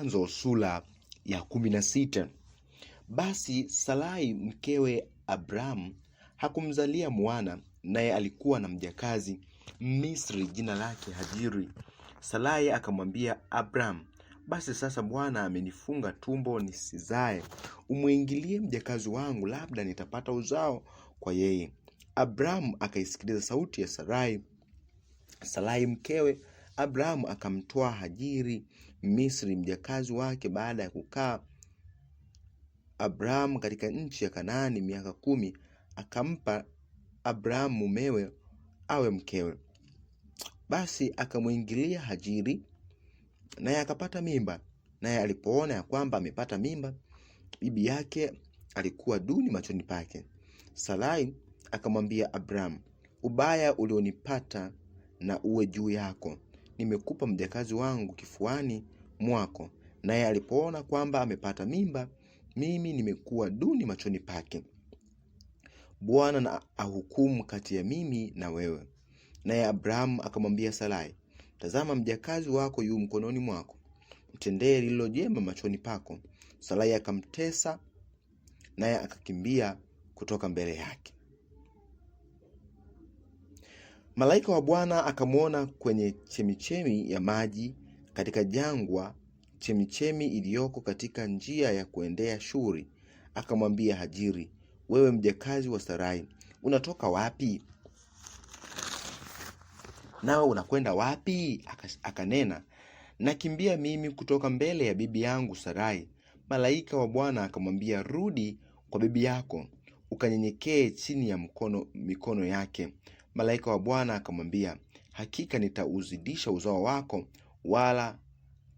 Mwanzo sura ya kumi na sita. Basi Sarai mkewe Abrahamu hakumzalia mwana, naye alikuwa na mjakazi Misri jina lake Hajiri. Sarai akamwambia Abraham, basi sasa Bwana amenifunga tumbo nisizae, umwingilie mjakazi wangu, labda nitapata uzao kwa yeye. abraham akaisikiliza sauti ya Sarai. Sarai mkewe Abrahamu akamtoa Hajiri Misri mjakazi wake baada ya kukaa Abrahamu katika nchi ya Kanaani miaka kumi, akampa abraham mumewe awe mkewe. Basi akamwingilia Hajiri, naye akapata mimba. Naye alipoona ya kwamba amepata mimba, bibi yake alikuwa duni machoni pake. Sarai akamwambia Abraham, ubaya ulionipata na uwe juu yako, nimekupa mjakazi wangu kifuani mwako. Naye alipoona kwamba amepata mimba, mimi nimekuwa duni machoni pake. Bwana na ahukumu kati ya mimi na wewe. Naye Abrahamu akamwambia Sarai, tazama mjakazi wako yu mkononi mwako, mtendee lililo jema machoni pako. Sarai akamtesa, naye akakimbia kutoka mbele yake. Malaika wa Bwana akamwona kwenye chemichemi ya maji katika jangwa, chemichemi iliyoko katika njia ya kuendea Shuri. Akamwambia Hajiri, wewe mjakazi wa Sarai, unatoka wapi? Nawe unakwenda wapi? Akanena, nakimbia mimi kutoka mbele ya bibi yangu Sarai. Malaika wa Bwana akamwambia, rudi kwa bibi yako ukanyenyekee chini ya mkono, mikono yake, Malaika wa Bwana akamwambia, hakika nitauzidisha uzao wako, wala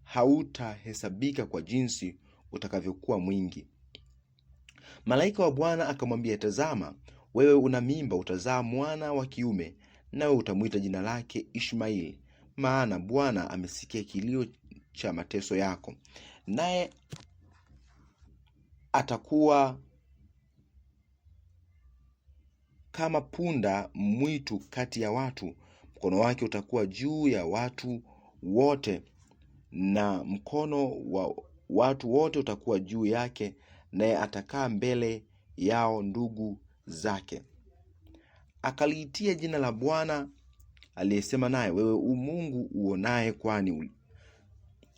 hautahesabika kwa jinsi utakavyokuwa mwingi. Malaika wa Bwana akamwambia, tazama, wewe una mimba, utazaa mwana wa kiume, nawe utamwita jina lake Ishmaeli, maana Bwana amesikia kilio cha mateso yako, naye atakuwa kama punda mwitu kati ya watu, mkono wake utakuwa juu ya watu wote, na mkono wa watu wote utakuwa juu yake, naye atakaa mbele yao ndugu zake. Akaliitia jina la Bwana aliyesema naye, wewe u Mungu uonaye, kwani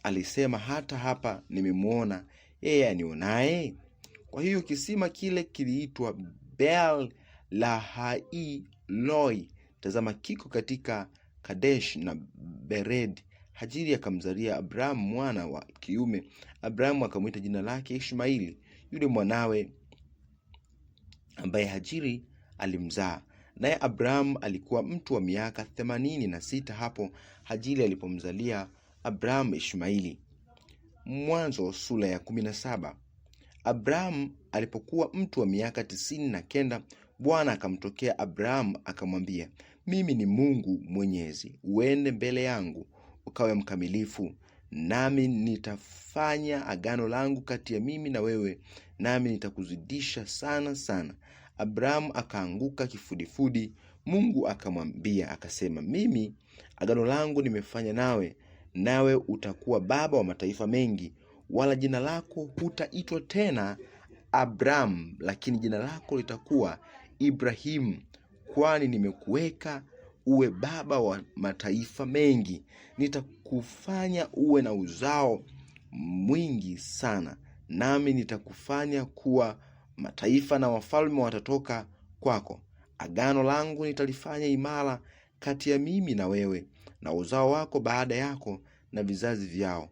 alisema, hata hapa nimemwona yeye anionaye. Kwa hiyo kisima kile kiliitwa Lahailoi. Tazama kiko katika Kadesh na Beredi. Hajiri akamzalia abraham mwana wa kiume. Abrahamu akamwita jina lake Ishmaili, yule mwanawe ambaye Hajiri alimzaa. Naye abraham alikuwa mtu wa miaka themanini na sita hapo Hajiri alipomzalia abraham Ishmaili. Mwanzo sura ya kumi na saba. abraham alipokuwa mtu wa miaka tisini na kenda Bwana akamtokea Abrahamu akamwambia, mimi ni Mungu Mwenyezi, uende mbele yangu ukawe mkamilifu, nami nitafanya agano langu kati ya mimi na wewe, nami nitakuzidisha sana sana. Abrahamu akaanguka kifudifudi. Mungu akamwambia akasema, mimi agano langu nimefanya nawe, nawe utakuwa baba wa mataifa mengi, wala jina lako hutaitwa tena Abrahamu, lakini jina lako litakuwa Ibrahimu, kwani nimekuweka uwe baba wa mataifa mengi, nitakufanya uwe na uzao mwingi sana, nami nitakufanya kuwa mataifa na wafalme watatoka kwako. Agano langu nitalifanya imara kati ya mimi na wewe na uzao wako baada yako na vizazi vyao,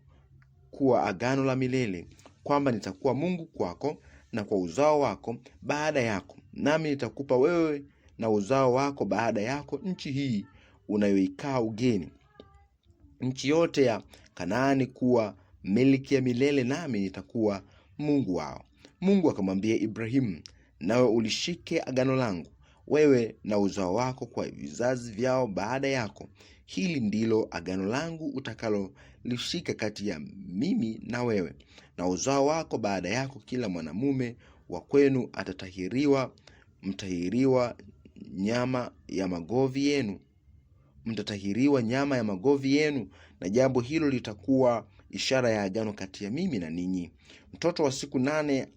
kuwa agano la milele, kwamba nitakuwa Mungu kwako na kwa uzao wako baada yako, nami nitakupa wewe na uzao wako baada yako nchi hii unayoikaa ugeni, nchi yote ya Kanaani, kuwa miliki ya milele, nami nitakuwa Mungu wao. Mungu akamwambia Ibrahimu, nawe ulishike agano langu, wewe na uzao wako kwa vizazi vyao baada yako. Hili ndilo agano langu utakalolishika kati ya mimi na wewe na uzao wako baada yako. Kila mwanamume wa kwenu atatahiriwa mtahiriwa nyama ya magovi yenu, mtatahiriwa nyama ya magovi yenu, na jambo hilo litakuwa ishara ya agano kati ya mimi na ninyi. Mtoto wa siku nane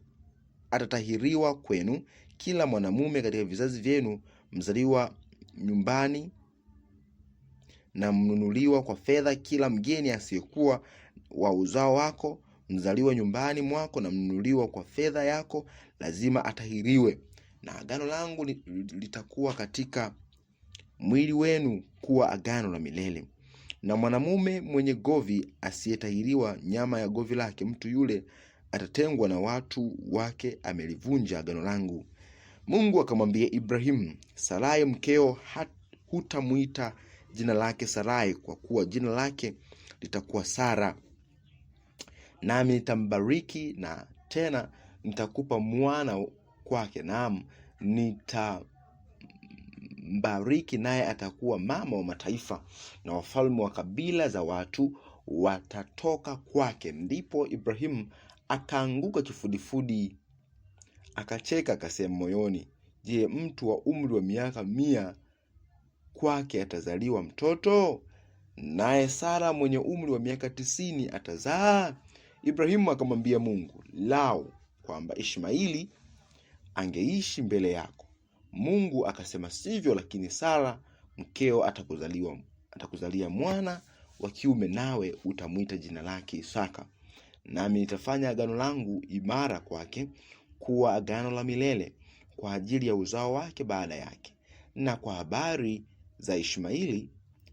atatahiriwa kwenu, kila mwanamume katika vizazi vyenu, mzaliwa nyumbani na mnunuliwa kwa fedha, kila mgeni asiyekuwa wa uzao wako, mzaliwa nyumbani mwako na mnunuliwa kwa fedha yako, lazima atahiriwe na agano langu litakuwa katika mwili wenu kuwa agano la milele. Na mwanamume mwenye govi asiyetahiriwa nyama ya govi lake, mtu yule atatengwa na watu wake, amelivunja agano langu. Mungu akamwambia Ibrahimu, Sarai mkeo hutamwita jina lake Sarai, kwa kuwa jina lake litakuwa Sara, nami nitambariki na tena nitakupa mwana kwake, naam, nitambariki naye atakuwa mama wa mataifa, na wafalme wa kabila za watu watatoka kwake. Ndipo Ibrahimu akaanguka kifudifudi, akacheka, akasema moyoni, je, mtu wa umri wa miaka mia kwake atazaliwa mtoto? Naye Sara mwenye umri wa miaka tisini atazaa? Ibrahimu akamwambia Mungu, lao kwamba Ishmaili angeishi mbele yako. Mungu akasema sivyo, lakini Sara mkeo atakuzaliwa, atakuzalia mwana wa kiume, nawe utamwita jina lake Isaka, nami nitafanya agano langu imara kwake kuwa agano la milele kwa ajili ya uzao wake baada yake. Na kwa habari za Ishmaeli,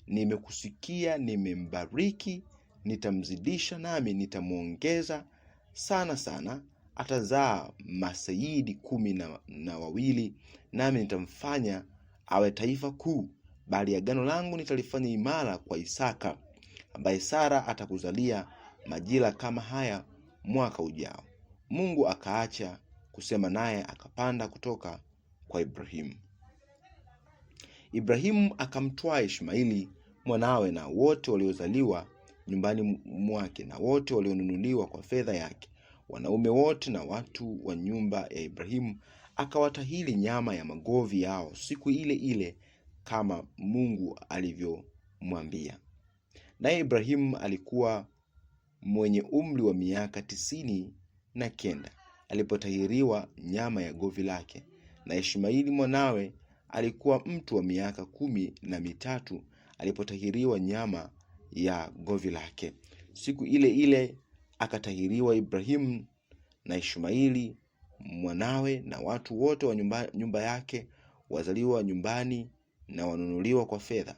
nimekusikia, nimembariki, nitamzidisha, nami nitamwongeza sana sana atazaa masayidi kumi na, na wawili, nami nitamfanya awe taifa kuu, bali agano langu nitalifanya imara kwa Isaka ambaye Sara atakuzalia majira kama haya mwaka ujao. Mungu akaacha kusema naye akapanda kutoka kwa Ibrahimu. Ibrahimu akamtwaa Ishmaili mwanawe na wote waliozaliwa nyumbani mwake na wote walionunuliwa kwa fedha yake wanaume wote na watu wa nyumba ya Ibrahimu, akawatahiri nyama ya magovi yao siku ile ile kama Mungu alivyomwambia. Naye Ibrahimu alikuwa mwenye umri wa miaka tisini na kenda alipotahiriwa nyama ya govi lake, na Ishmaeli mwanawe alikuwa mtu wa miaka kumi na mitatu alipotahiriwa nyama ya govi lake siku ile ile akatahiriwa Ibrahimu na Ishmaili mwanawe na watu wote wa nyumba, nyumba yake wazaliwa nyumbani na wanunuliwa kwa fedha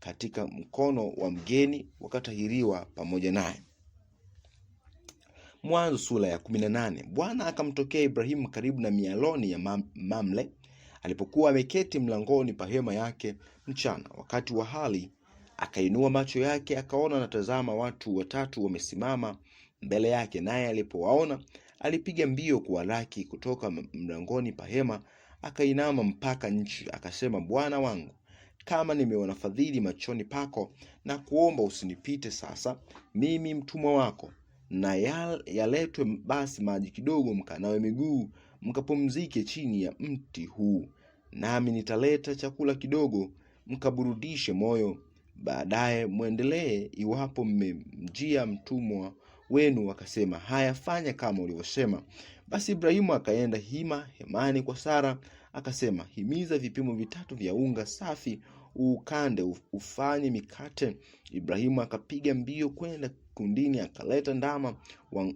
katika mkono wa mgeni wakatahiriwa pamoja naye. Mwanzo sura ya 18. Bwana akamtokea Ibrahimu karibu na mialoni ya mamle alipokuwa ameketi mlangoni pa hema yake mchana. Wakati wa hali, akainua macho yake akaona, na tazama, watu watatu wamesimama mbele yake, naye alipowaona alipiga mbio kuwalaki kutoka mlangoni pa hema, akainama mpaka nchi, akasema, Bwana wangu, kama nimeona fadhili machoni pako, na kuomba usinipite sasa, mimi mtumwa wako, na yaletwe basi maji kidogo, mkanawe miguu, mkapumzike chini ya mti huu, nami nitaleta chakula kidogo, mkaburudishe moyo, baadaye mwendelee, iwapo mmemjia mtumwa wenu wakasema, haya, fanya kama ulivyosema. Basi Ibrahimu akaenda hima hemani kwa Sara akasema, himiza vipimo vitatu vya unga safi ukande ufanye mikate. Ibrahimu akapiga mbio kwenda kundini, akaleta ndama wa,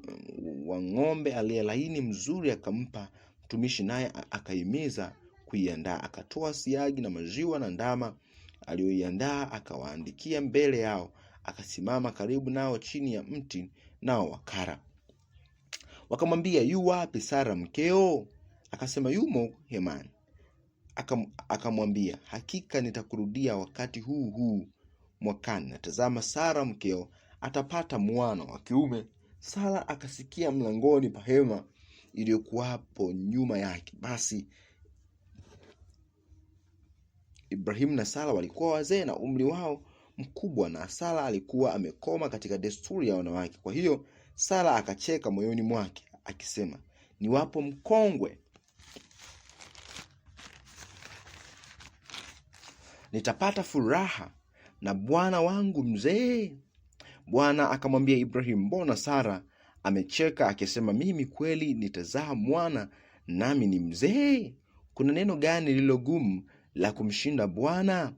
wa ng'ombe aliyelaini mzuri, akampa mtumishi, naye akahimiza kuiandaa. Akatoa siagi na maziwa na ndama aliyoiandaa akawaandikia mbele yao akasimama karibu nao chini ya mti, nao wakara. Wakamwambia, yu wapi Sara mkeo? Akasema, yumo hemani. Akamwambia, hakika nitakurudia wakati huu huu mwakani, natazama Sara mkeo atapata mwana wa kiume. Sara akasikia mlangoni pa hema iliyokuwapo nyuma yake. Basi Ibrahimu na Sara walikuwa wazee na umri wao mkubwa na Sara alikuwa amekoma katika desturi ya wanawake. Kwa hiyo Sara akacheka moyoni mwake akisema, niwapo mkongwe nitapata furaha na bwana wangu mzee. Bwana akamwambia ibrahim mbona Sara amecheka akisema, mimi kweli nitazaa mwana nami ni mzee? Kuna neno gani lililogumu la kumshinda Bwana?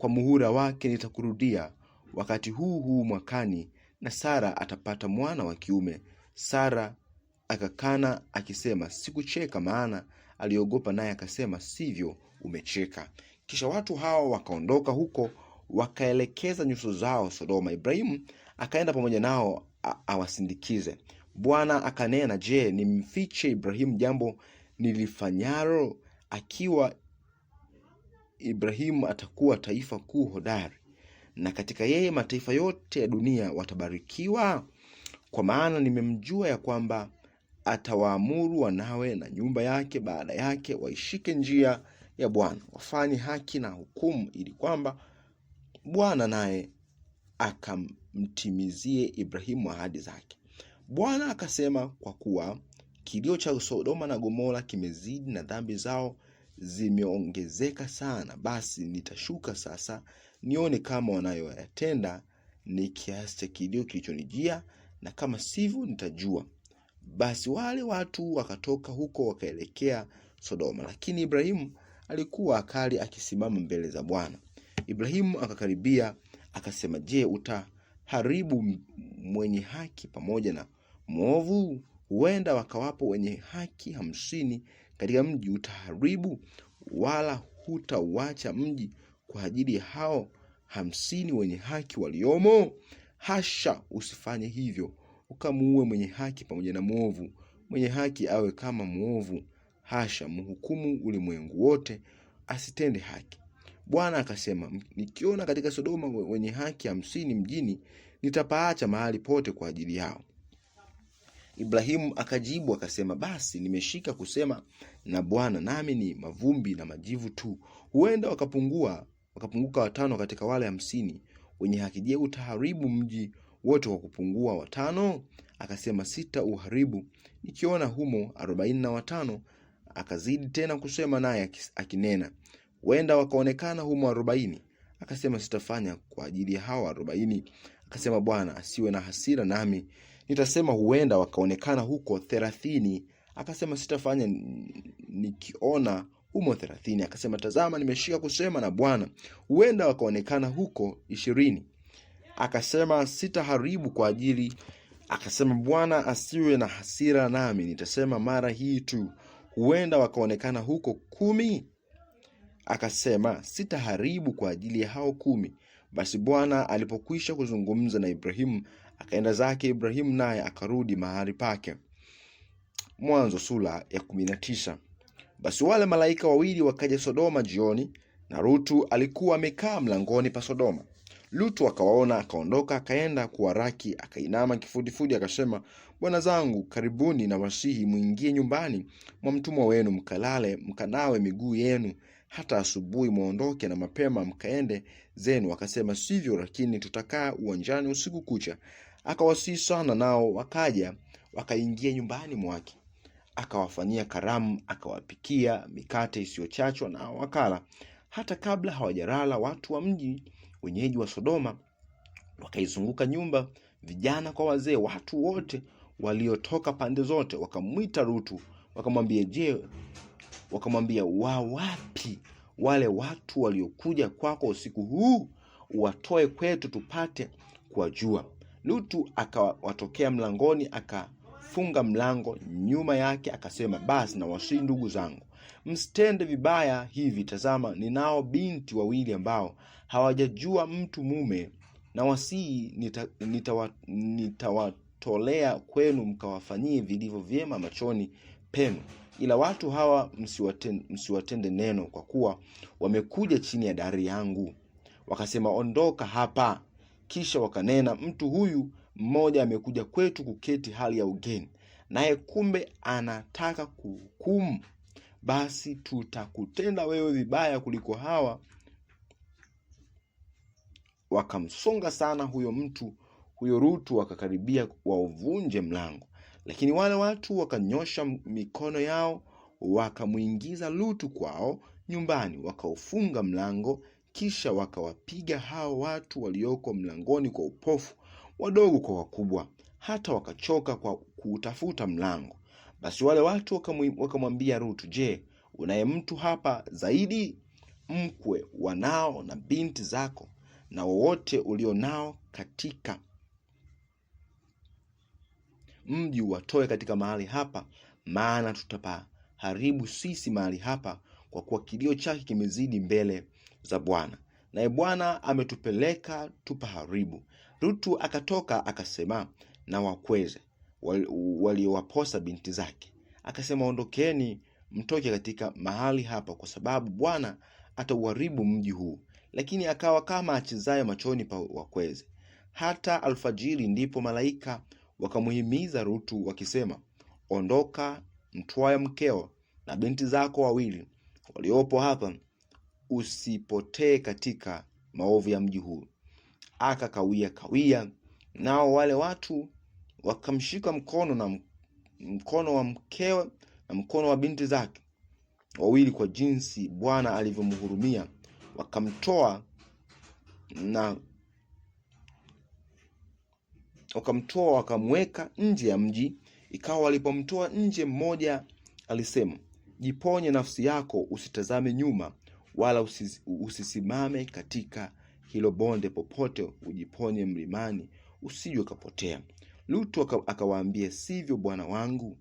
kwa muhura wake nitakurudia wakati huu huu mwakani, na Sara atapata mwana wa kiume. Sara akakana akisema, sikucheka, maana aliogopa, naye akasema, sivyo, umecheka. Kisha watu hawa wakaondoka huko wakaelekeza nyuso zao Sodoma. Ibrahimu akaenda pamoja nao awasindikize. Bwana akanena, je, nimfiche Ibrahimu jambo nilifanyalo akiwa Ibrahimu atakuwa taifa kuu hodari, na katika yeye mataifa yote ya dunia watabarikiwa, kwa maana nimemjua ya kwamba atawaamuru wanawe na nyumba yake baada yake waishike njia ya Bwana, wafanye haki na hukumu, ili kwamba Bwana naye akamtimizie Ibrahimu ahadi zake. Bwana akasema, kwa kuwa kilio cha Sodoma na Gomora kimezidi na dhambi zao zimeongezeka sana, basi nitashuka sasa nione kama wanayoyatenda ni kiasi cha kilio kilichonijia, na kama sivyo nitajua. Basi wale watu wakatoka huko wakaelekea Sodoma, lakini Ibrahimu alikuwa akali akisimama mbele za Bwana. Ibrahimu akakaribia akasema, Je, utaharibu mwenye haki pamoja na mwovu? Huenda wakawapo wenye haki hamsini katika mji utaharibu, wala hutauacha mji kwa ajili ya hao hamsini wenye haki waliomo? Hasha, usifanye hivyo, ukamuue mwenye haki pamoja na mwovu. Mwenye haki awe kama mwovu, hasha, mhukumu ulimwengu wote asitende haki. Bwana akasema, nikiona katika Sodoma wenye haki hamsini mjini, nitapaacha mahali pote kwa ajili yao. Ibrahimu akajibu akasema, basi nimeshika kusema na Bwana, nami ni mavumbi na majivu tu, huenda wakapungua wakapunguka watano katika wale hamsini wenye haki. Je, utaharibu mji wote kwa kupungua watano? Akasema, sita uharibu, nikiona humo arobaini na watano. Akazidi tena kusema naye akinena, huenda wakaonekana humo arobaini. Akasema, sitafanya kwa ajili ya hawa arobaini. Akasema, Bwana asiwe na hasira nami nitasema huenda wakaonekana huko thelathini. Akasema sitafanya nikiona humo thelathini. Akasema tazama, nimeshika kusema na Bwana, huenda wakaonekana huko ishirini. Akasema sitaharibu kwa ajili Akasema Bwana asiwe na hasira nami, nitasema mara hii tu, huenda wakaonekana huko kumi. Akasema sitaharibu kwa ajili ya hao kumi. Basi Bwana alipokwisha kuzungumza na Ibrahimu, Akaenda zake Ibrahimu naye akarudi mahali pake. Mwanzo sura ya kumi na tisa. Basi wale malaika wawili wakaja Sodoma jioni, na Rutu alikuwa amekaa mlangoni pa Sodoma. Lutu akawaona, akaondoka, akaenda kuwaraki, akainama kifudifudi, akasema, bwana zangu, karibuni na wasihi mwingie nyumbani mwa mtumwa wenu, mkalale, mkanawe miguu yenu, hata asubuhi mwondoke na mapema mkaende zenu. Akasema, sivyo, lakini tutakaa uwanjani usiku kucha akawasii sana, nao wakaja wakaingia nyumbani mwake, akawafanyia karamu, akawapikia mikate isiyochachwa na wakala. Hata kabla hawajarala, watu wa mji wenyeji wa Sodoma wakaizunguka nyumba, vijana kwa wazee, watu wote waliotoka pande zote, wakamwita Rutu, wakamwambia je, wakamwambia wawapi wale watu waliokuja kwako usiku huu? Watoe kwetu tupate kuwajua. Lutu akawatokea mlangoni, akafunga mlango nyuma yake, akasema, basi na ndugu zangu, msitende vibaya hivi. Tazama, ninao binti wawili ambao hawajajua mtu mume, na nitawatolea nita nita kwenu, mkawafanyie vilivyo vyema machoni penu ila watu hawa msiwatende, msiwatende neno, kwa kuwa wamekuja chini ya dari yangu. Wakasema, ondoka hapa, kisha wakanena, mtu huyu mmoja amekuja kwetu kuketi hali ya ugeni, naye kumbe anataka kuhukumu. Basi tutakutenda wewe vibaya kuliko hawa. Wakamsonga sana huyo mtu huyo Rutu, wakakaribia wauvunje mlango, lakini wale watu wakanyosha mikono yao, wakamwingiza Lutu kwao nyumbani, wakaufunga mlango kisha wakawapiga hao watu walioko mlangoni kwa upofu, wadogo kwa wakubwa, hata wakachoka kwa kuutafuta mlango. Basi wale watu wakamwambia Rutu, je, unaye mtu hapa zaidi? Mkwe, wanao na binti zako na wowote ulio nao katika mji watoe katika mahali hapa, maana tutapaharibu sisi mahali hapa, kwa kuwa kilio chake kimezidi mbele za Bwana, naye Bwana ametupeleka tupaharibu. Rutu akatoka akasema na wakweze waliowaposa wali binti zake, akasema ondokeni, mtoke katika mahali hapa, kwa sababu Bwana atauharibu mji huu. Lakini akawa kama achezaye machoni pa wakweze. Hata alfajiri ndipo malaika wakamuhimiza Rutu wakisema, ondoka, mtwaya mkeo na binti zako wawili waliopo hapa usipotee katika maovu ya mji huu. Akakawia kawia, nao wale watu wakamshika mkono na mkono wa mkewe na mkono wa binti zake wawili, kwa jinsi Bwana alivyomhurumia, wakamtoa na wakamtoa wakamweka nje ya mji. Ikawa walipomtoa nje, mmoja alisema, jiponye nafsi yako, usitazame nyuma wala usis, usisimame katika hilo bonde popote, ujiponye mlimani, usije ukapotea. Lutu akawaambia, sivyo bwana wangu,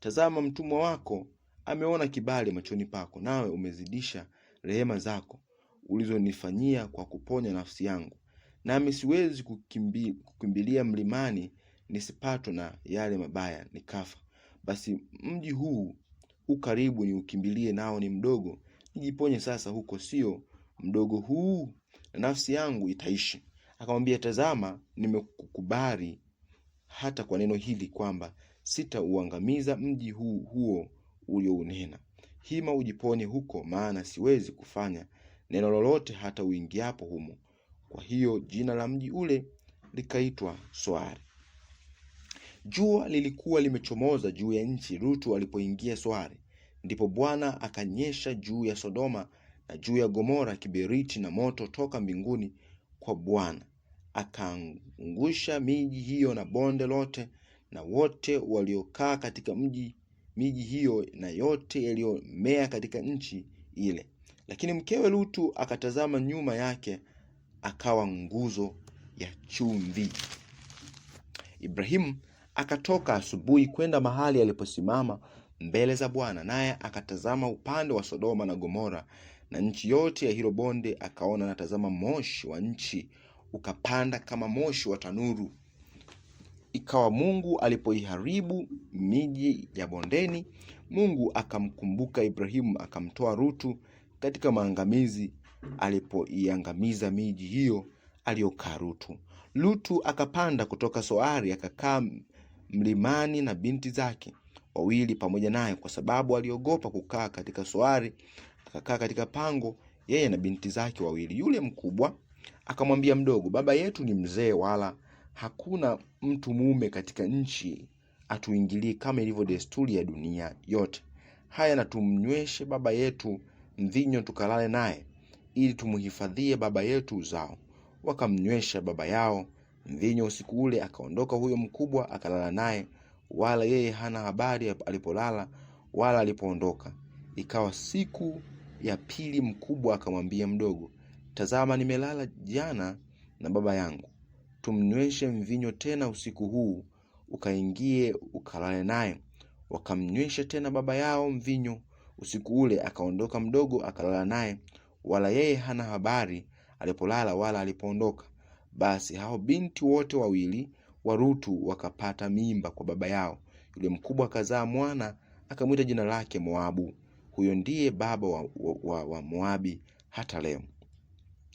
tazama mtumwa wako ameona kibali machoni pako, nawe umezidisha rehema zako ulizonifanyia kwa kuponya nafsi yangu, nami siwezi kukimbi, kukimbilia mlimani nisipatwe na yale mabaya nikafa. Basi mji huu hu karibu niukimbilie, nao ni mdogo Nijiponye sasa huko, sio mdogo huu, na nafsi yangu itaishi. Akamwambia, tazama, nimekukubali hata kwa neno hili, kwamba sitauangamiza mji huu huo uliounena. Hima ujiponye huko, maana siwezi kufanya neno lolote hata uingiapo humo. Kwa hiyo jina la mji ule likaitwa Soari. Jua lilikuwa limechomoza juu ya nchi rutu alipoingia Soari. Ndipo Bwana akanyesha juu ya Sodoma na juu ya Gomora kiberiti na moto toka mbinguni kwa Bwana, akaangusha miji hiyo na bonde lote na wote waliokaa katika mji miji hiyo na yote yaliyomea katika nchi ile. Lakini mkewe Lutu akatazama nyuma yake, akawa nguzo ya chumvi. Ibrahimu akatoka asubuhi kwenda mahali aliposimama mbele za Bwana, naye akatazama upande wa Sodoma na Gomora na nchi yote ya hilo bonde, akaona anatazama moshi wa nchi ukapanda kama moshi wa tanuru. Ikawa Mungu alipoiharibu miji ya bondeni, Mungu akamkumbuka Ibrahimu, akamtoa Rutu katika maangamizi, alipoiangamiza miji hiyo aliyokaa Rutu. Lutu akapanda kutoka Soari akakaa mlimani na binti zake wawili pamoja naye, kwa sababu aliogopa kukaa katika soari. Akakaa katika pango, yeye na binti zake wawili. Yule mkubwa akamwambia mdogo, baba yetu ni mzee, wala hakuna mtu mume katika nchi atuingilie kama ilivyo desturi ya dunia yote. Haya, na tumnyweshe baba yetu mvinyo, tukalale naye, ili tumhifadhie baba yetu uzao. Wakamnywesha baba yao mvinyo usiku ule. Akaondoka huyo mkubwa, akalala naye wala yeye hana habari alipolala wala alipoondoka. Ikawa siku ya pili, mkubwa akamwambia mdogo, tazama, nimelala jana na baba yangu, tumnyweshe mvinyo tena usiku huu, ukaingie ukalale naye. Wakamnywesha tena baba yao mvinyo usiku ule, akaondoka mdogo akalala naye, wala yeye hana habari alipolala wala alipoondoka. Basi hao binti wote wawili Warutu wakapata mimba kwa baba yao. Yule mkubwa akazaa mwana akamwita jina lake Moabu. Huyo ndiye baba wa, wa, wa, wa Moabi hata leo.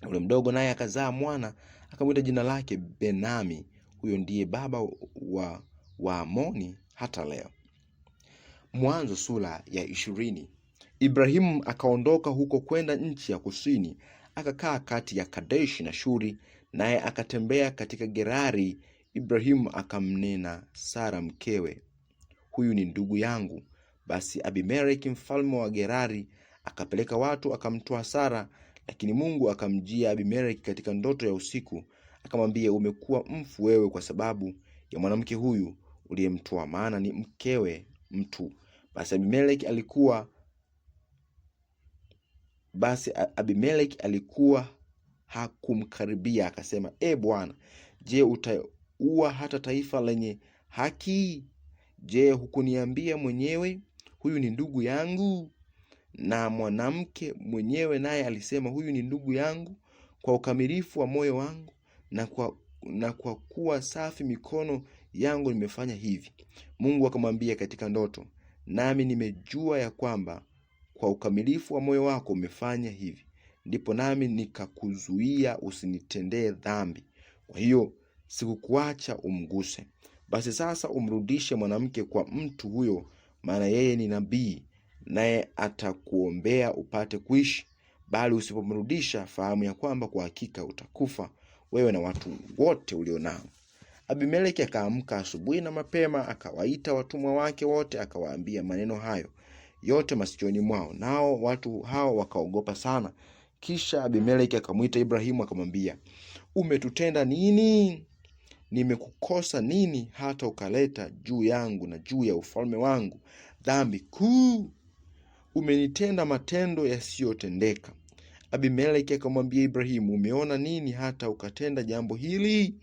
Yule mdogo naye akazaa mwana akamwita jina lake Benami. Huyo ndiye baba wa amoni hata leo. Mwanzo sura ya ishirini. Ibrahimu akaondoka huko kwenda nchi ya kusini, akakaa kati ya Kadeshi na Shuri, naye akatembea katika Gerari Ibrahimu akamnena Sara mkewe, huyu ni ndugu yangu. Basi Abimeleki mfalme wa Gerari akapeleka watu akamtoa Sara, lakini Mungu akamjia Abimeleki katika ndoto ya usiku, akamwambia, umekuwa mfu wewe kwa sababu ya mwanamke huyu uliyemtoa, maana ni mkewe mtu. Basi Abimeleki alikuwa basi Abimeleki alikuwa hakumkaribia, akasema, E Bwana, je, uwa hata taifa lenye haki? Je, hukuniambia mwenyewe huyu ni ndugu yangu? Na mwanamke mwenyewe naye alisema huyu ni ndugu yangu kwa ukamilifu wa moyo wangu na kwa, na kwa kuwa safi mikono yangu nimefanya hivi. Mungu akamwambia katika ndoto, nami nimejua ya kwamba kwa ukamilifu wa moyo wako umefanya hivi, ndipo nami nikakuzuia usinitendee dhambi. Kwa hiyo sikukuacha umguse. Basi sasa umrudishe mwanamke kwa mtu huyo, maana yeye ni nabii, naye atakuombea upate kuishi. Bali usipomrudisha, fahamu ya kwamba kwa hakika utakufa, wewe na watu wote ulio nao. Abimeleki akaamka asubuhi na mapema, akawaita watumwa wake wote, akawaambia maneno hayo yote masikioni mwao, nao watu hao wakaogopa sana. Kisha Abimeleki akamwita Ibrahimu akamwambia, umetutenda nini? nimekukosa nini hata ukaleta juu yangu na juu ya ufalme wangu dhambi kuu? Umenitenda matendo yasiyotendeka. Abimeleki akamwambia Ibrahimu, umeona nini hata ukatenda jambo hili?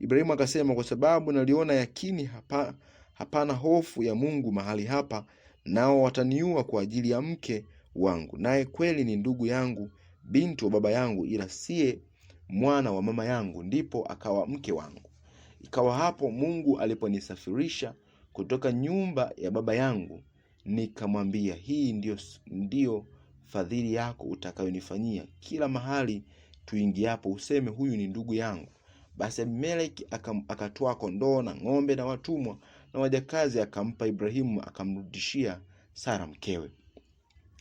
Ibrahimu akasema, kwa sababu naliona yakini hapa, hapana hofu ya Mungu mahali hapa, nao wataniua kwa ajili ya mke wangu, naye kweli ni ndugu yangu, binti wa baba yangu, ila siye mwana wa mama yangu, ndipo akawa mke wangu. Ikawa hapo Mungu aliponisafirisha kutoka nyumba ya baba yangu, nikamwambia, hii ndiyo, ndiyo fadhili yako utakayonifanyia kila mahali tuingiapo, useme huyu ni ndugu yangu. Basi Abimeleki akatoa kondoo na ng'ombe na watumwa na wajakazi, akampa Ibrahimu, akamrudishia Sara mkewe.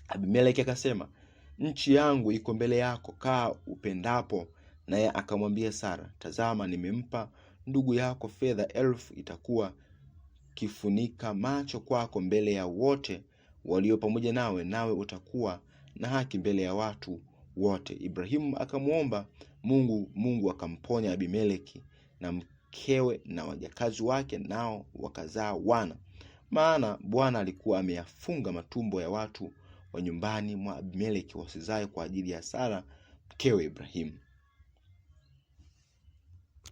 Abimeleki akasema, nchi yangu iko mbele yako, kaa upendapo. Naye akamwambia Sara, tazama, nimempa ndugu yako fedha elfu itakuwa kifunika macho kwako mbele ya wote walio pamoja nawe, nawe utakuwa na haki mbele ya watu wote. Ibrahimu akamwomba Mungu, Mungu akamponya Abimeleki na mkewe na wajakazi wake, nao wakazaa wana, maana Bwana alikuwa ameyafunga matumbo ya watu wa nyumbani mwa Abimeleki wasizae kwa ajili ya Sara mkewe Ibrahimu.